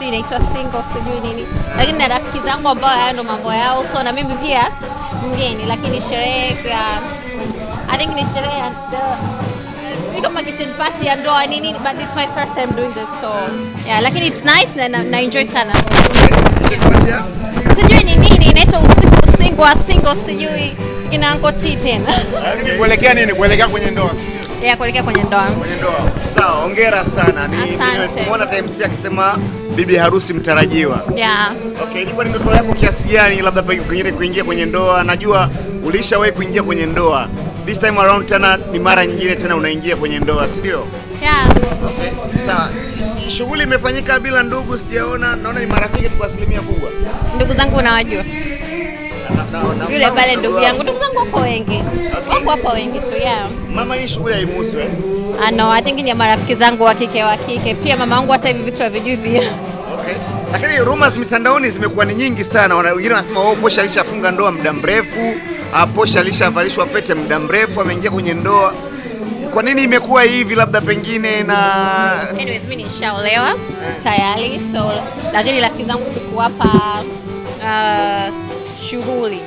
sijui inaitwa single sijui nini, lakini na rafiki zangu ambao hayo ndo mambo yao, so na mimi pia mgeni, lakini sherehe ya I think ni sherehe ya sijui kama kitchen party ya ndoa nini, but this my first time doing this, so yeah, lakini it's nice na na enjoy sana. Sijui ni nini inaitwa usiku single single sijui inaangoti tena kuelekea nini kuelekea kwenye ndoa ya kuelekea kwenye ndoa. Kwenye ndoa. Sawa, hongera sana. Nimeona TMC akisema bibi harusi mtarajiwa. Yeah. Okay, ilikuwa ni ndoto yako kiasi gani labda pengine kuingia kwenye ndoa? Najua ulishawahi kuingia kwenye ndoa. This time around tena ni mara nyingine tena unaingia kwenye ndoa, si ndio? Yeah. Okay. Sawa. Shughuli imefanyika bila ndugu sijaona, naona ni marafiki kwa asilimia kubwa. Ndugu zangu unawajua? yule pale ndugu yangu, ndugu zangu wako wengi, wako hapa wengi tu ya Mama, hii shughuli haimuhusu eh? Ano, ah, I think ni marafiki zangu wa kike wa kike pia. Mama wangu hata hivi vitu havijui pia. Okay. Lakini rumors mitandaoni zimekuwa ni nyingi sana. Wengine wanasema wao, oh, Posha alishafunga ndoa muda mrefu, ah, Posha alishavalishwa pete muda mrefu, ameingia kwenye ndoa. Kwa nini imekuwa hivi? Labda pengine na anyways, mimi nishaolewa eh. tayari so, lakini rafiki zangu sikuwapa uh, shughuli,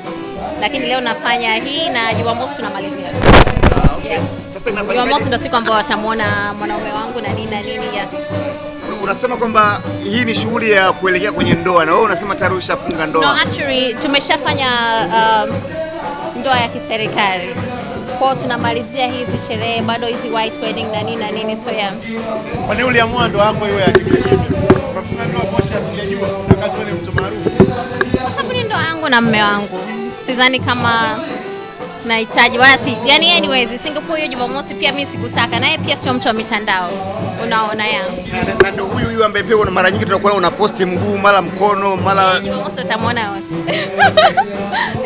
lakini leo nafanya hii na Jumamosi tunamalizia. Jumamosi ndio siku ambayo watamwona mwanaume wangu na nini na nini ya Unasema kwamba hii ni shughuli ya kuelekea kwenye ndoa, na wewe unasema tayari ushafunga ndoa? No, actually tumeshafanya um, ndoa ya kiserikali kwao, tunamalizia hizi sherehe bado hizi white wedding na nini na nini. So ya. Kwa nini uliamua ndoa yako iwe ya kimya Unafunga ndoa kwa sababu ya jua na ni mtu maarufu wangu na mme wangu, sidhani kama nahitaji wala si, yani anyways, Singapore hiyo Jumamosi pia mimi sikutaka, naye pia sio mtu wa mitandao, unaona ya na ndio huyu huyu ambaye pia mara nyingi tunakuwa una posti mguu mara mkono mara Jumamosi utamwona wote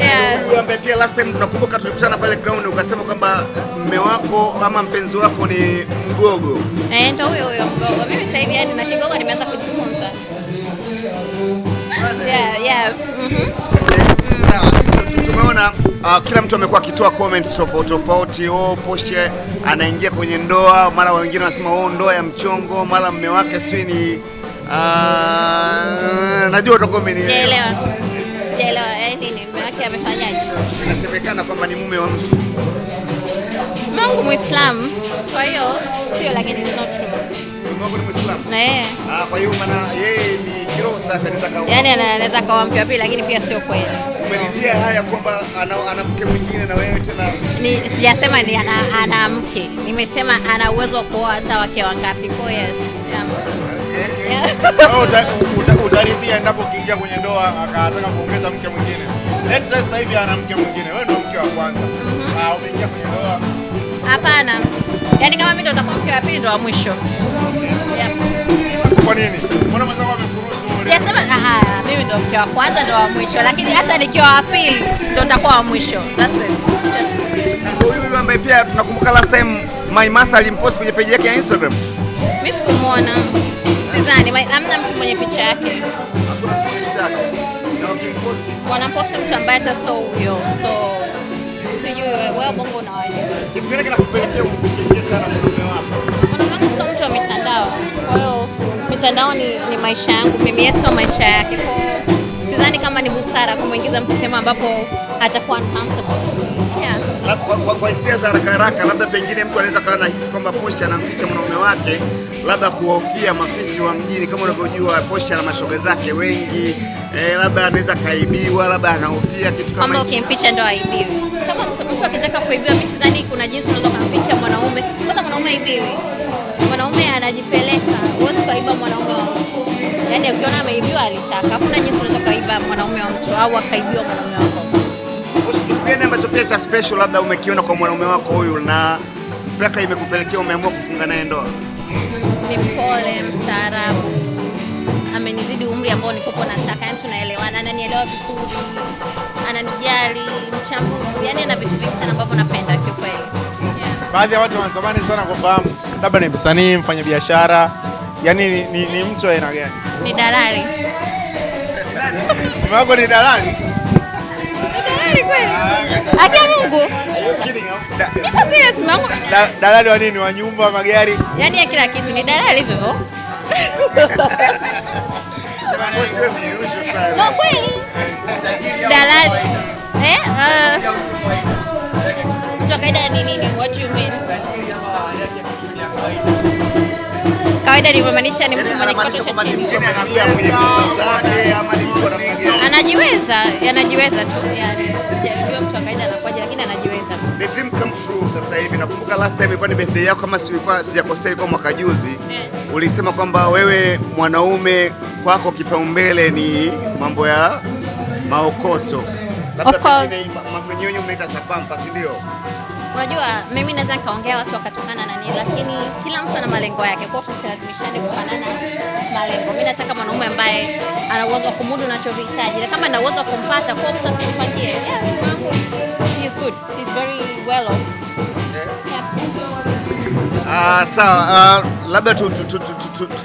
yeah. Huyu ambaye pia last time tunakumbuka tulikutana pale ground ukasema kwamba mme wako ama mpenzi wako ni mgogo. Eh, ndio huyo huyo mgogo. Mimi sasa hivi yani na kigogo nimeanza kujifunza. Yeah, yeah. Mhm. Mm tumeona uh, kila mtu amekuwa akitoa comments tofauti tofauti. Oh, Poshe anaingia kwenye ndoa, mara wengine wanasema oh, ndoa ya mchongo, mara mme wake swi ni uh, najua utakuwa umenielewa. Sijaelewa yaani mme wake amefanyaje? Inasemekana kwamba ni mume wa mtu Mungu Muislamu, kwa hiyo sio, lakini it's not true. Mungu ni Muislamu. Eh. Ah, kwa hiyo maana yeye ni kiroho safi anaweza kawa. Yaani anaweza kawa mpya pia, lakini pia sio kweli umeridhia haya kwamba ana mke mwingine na wewe tena? Ni sijasema ni ana, ana mke, nimesema ana uwezo wa kuoa hata wake wangapi. Kwa oh, eh, eh. hiyo utaridhia endapo ukiingia kwenye ndoa akataka kuongeza mke mwingine? Let's say sasa hivi ana mke mwingine, wewe ndio mke wa kwanza, mhm. ah, umeingia kwenye ndoa? Hapana, yaani kama mimi ndo nitakuwa mke wa pili, ndo wa mwisho. Kwa nini? Mbona huyu ndo mke wa kwanza ndo wa mwisho, lakini hata nikiwa wa pili ndo nitakuwa wa mwisho. That's it. Huyu ambaye pia tunakumbuka last time My Maimartha alimpost kwenye page yake ya Instagram. Mimi sikumuona. sidhani amna mtu mwenye picha yake wanamposti mtu ambaye hata so huyo, so sijui wewe Bongo na wale. Kitu gani kinakupelekea umpitie sana mume wako? mitandao ni, ni maisha yangu mimi, Yesu wa maisha yake, kwa sidhani kama ni busara kumwingiza mtu sehemu ambapo atakuwa uncomfortable. Yeah. Kwa hisia za haraka haraka, labda pengine mtu anaweza kawa nahisi kwamba Posha anamficha mwanaume wake, labda kuhofia mafisi wa mjini. Kama unavyojua Posha na mashoga zake wengi eh, labda anaweza kaibiwa, labda anahofia kitu kama kwamba ukimficha ndo aibiwe. Kama mtu akitaka kuibiwa, mimi sidhani kuna jinsi unaweza kumficha mwanaume. Kwanza mwanaume aibiwi, mwanaume anajipeleka yaani ukiona ameibiwa alitaka. Hakuna jinsi unaweza kuiba mwanaume wa mtu au akaibiwa mwanaume wako. Kitu gani ambacho pia cha special labda umekiona kwa mwanaume wako huyu na mpaka imekupelekea umeamua kufunga naye ndoa? Ni mpole, mstaarabu, amenizidi umri ambao nilikuwa nataka, yani tunaelewana, ananielewa vizuri, ananijali, mchambuzi, yani ana vitu vingi sana ambavyo napenda kiukweli. Baadhi ya watu wanatamani sana kufahamu labda ni msanii, mfanyabiashara Yaani ni, ni, ni mtu aina gani? Ni dalali. Mama wako ni dalali? Ni dalali kweli. Akia Mungu. Niko serious mama yangu. Dalali wa nini? Wa nyumba, wa magari? Yaani ya kila kitu ni dalali hivyo. Kwa kweli. Dalali. Eh? Uh, kaida ni nini? What you mean? kawaida nilivyomaanisha ni mtu mwenye anajiweza anajiweza tu yani, dream come true sasa hivi. Nakumbuka last time ilikuwa ni birthday yako, kama sijakosea, ilikuwa mwaka juzi yeah. Ulisema kwamba wewe mwanaume kwako kipaumbele ni mambo ya maokoto, labda mambo yenyewe umeita sapampa, si ndio? Unajua, mimi naweza nikaongea watu wakatokana na nini, lakini kila mtu ana malengo yake, kwa tusilazimishane kufanana malengo. Mimi nataka mwanaume ambaye ana uwezo wa kumudu ninachovihitaji, na kama ana uwezo wa kumpata, kwa mtu asinipangie. Yeah, wangu he is good, he is very well off. Ah, sawa. Ah, labda tu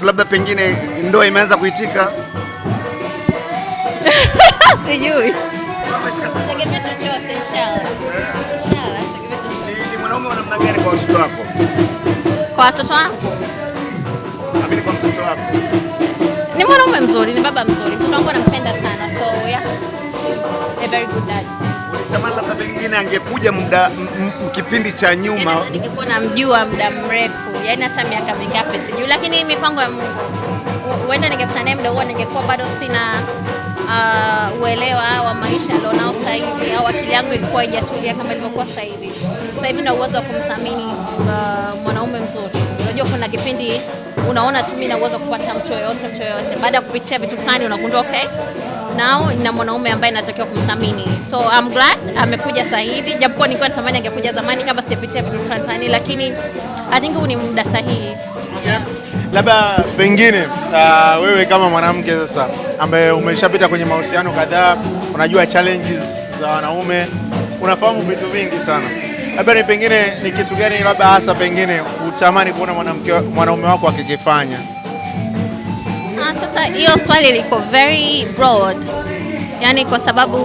labda pengine ndoa imeanza kuitika, sijui, inshallah wanaume wa namna gani kwa watoto wako? Kwa watoto wangu amini, kwa mtoto wako ni mwanaume mzuri, ni baba mzuri, mtoto wangu anampenda sana, so yeah, a very good dad. Ulitamani labda pengine angekuja muda kipindi cha nyuma, yaani, ningekuwa namjua muda mrefu, yani hata miaka mingapi sijui, lakini mipango ya Mungu, huenda ningekutana naye muda huo, ningekuwa bado sina uh, uelewa wa maisha alionao sasa hivi, au akili yangu ilikuwa haijatulia kama ilivyokuwa sasa hivi. Sasa hivi na uwezo wa kumthamini uh, mwanaume mzuri. Unajua kuna kipindi unaona tu mimi na uwezo kupata mtu yoyote mtu yoyote, baada ya kupitia vitu fulani unagundua okay, nao na mwanaume ambaye natakiwa kumthamini. So I'm glad amekuja sasa hivi, japokuwa nilikuwa natamani angekuja zamani kabla sijapitia vitu fulani, lakini I think huu ni muda sahihi. Yeah. Labda pengine uh, wewe kama mwanamke sasa ambaye umeshapita kwenye mahusiano kadhaa, unajua challenges za wanaume, unafahamu vitu vingi sana, labda ni pengine ni kitu gani labda hasa pengine utamani kuona mwanamke mwanaume wako akikifanya? Ah, sasa hiyo swali liko very broad, yani kwa sababu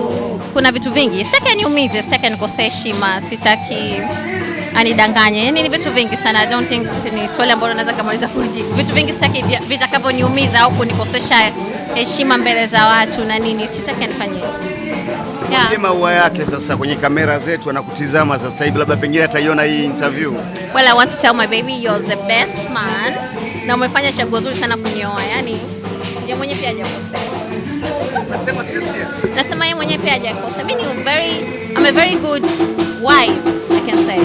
kuna vitu vingi. Sitaki aniumize, sitaki nikosee heshima, sitaki anidanganye. Yani ni vitu vingi sana, I don't think ni swali ambalo naweza kamaliza kujibu. Vitu vingi sitaki vitakavyoniumiza au kunikosesha heshima mbele za watu na nini, sitaki anifanyie Yeah. Maua yake sasa kwenye kamera zetu anakutizama sasa hivi, labda pengine ataiona hii interview. Well, I want to tell my baby you're the best man, na umefanya chaguo zuri sana kunioa. Yani yeye mwenye pia hajakosea, nasema nasema yeye mwenye pia hajakosea. Mimi ni very I'm a very good why I can say,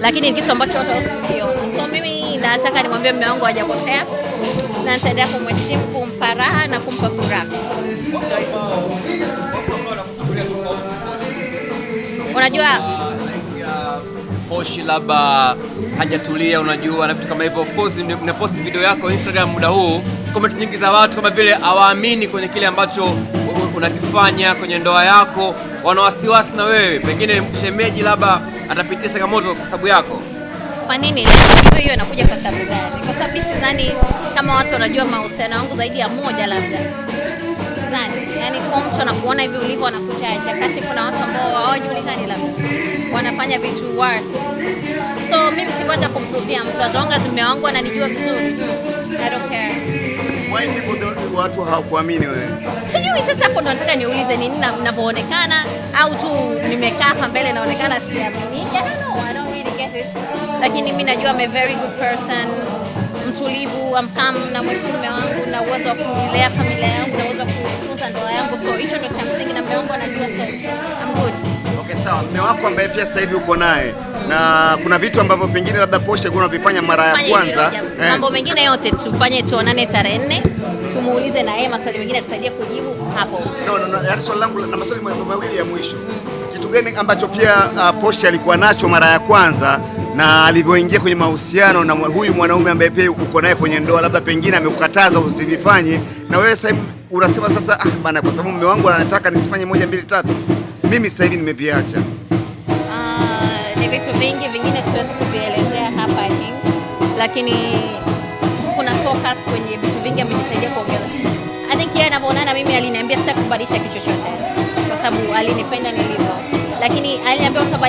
lakini kitu ambacho watu wasikio. So mimi nataka nimwambie mume wangu hajakosea, na nitaendelea kumheshimu, kumpa raha na kumpa furaha. Unajua poshi labda hajatulia, unajua na vitu kama hivyo. Of course mnaposti video yako Instagram muda huu, comment nyingi za watu kama vile hawaamini kwenye kile ambacho unakifanya kwenye ndoa yako, wana wasiwasi na wewe, pengine shemeji labda atapitia changamoto kwa sababu yako. Kwa nini hiyo hiyo inakuja? Kwa sababu gani? Kwa sababu sidhani kama watu wanajua mahusiano yangu zaidi ya moja, labda sidhani. Yani kwa mtu anakuona hivi ulivyo, anakujaji akati, kuna watu ambao hawajulikani, labda wanafanya vitu worse. So mimi sikuacha kumrudia mtu, as long as mume wangu ananijua vizuri watu hawakuamini wewe? Sijui sasa, hapo ndo nataka niulize ni nini ninavyoonekana, au tu nimekaa hapa mbele naonekana siaminika. I don't know, I don't really get it, lakini mimi najua I'm a very good person, mtulivu, I'm calm na mume wangu na uwezo wa kulea familia yangu na uwezo wa kutunza ndoa yangu, so hicho ndo cha msingi, na mume wangu anajua, so I'm good sawa, mme wako ambaye pia sasa hivi uko naye na kuna vitu ambavyo pengine labda Poshe kuna vifanya mara ya kwanza, eh. mambo mengine yote tufanye, tuonane tarehe nne tumuulize na yeye maswali mengine atusaidie kujibu hapo. No, no, no, yaani swali langu na maswali mawili ya mwisho mm. Kitu gani ambacho pia uh, Poshe alikuwa nacho mara ya kwanza na alivyoingia kwenye mahusiano na huyu mwanaume ambaye pia uko naye kwenye ndoa, labda pengine amekukataza usivifanye, na wewe sasa unasema sasa, ah, bana, kwa sababu mume wangu anataka nisifanye moja mbili tatu mimi sasa hivi nimeviacha? Uh, ni vitu vingi vingine siwezi kuvielezea hapa I Lakini kuna focus kwenye vitu vingi amenisaidia kuongeza. I think yeye anavyoonana mimi aliniambia sitakubadilisha kitu chochote kwa sababu alinipenda nilivyo. Lakini aliniambia utabadilisha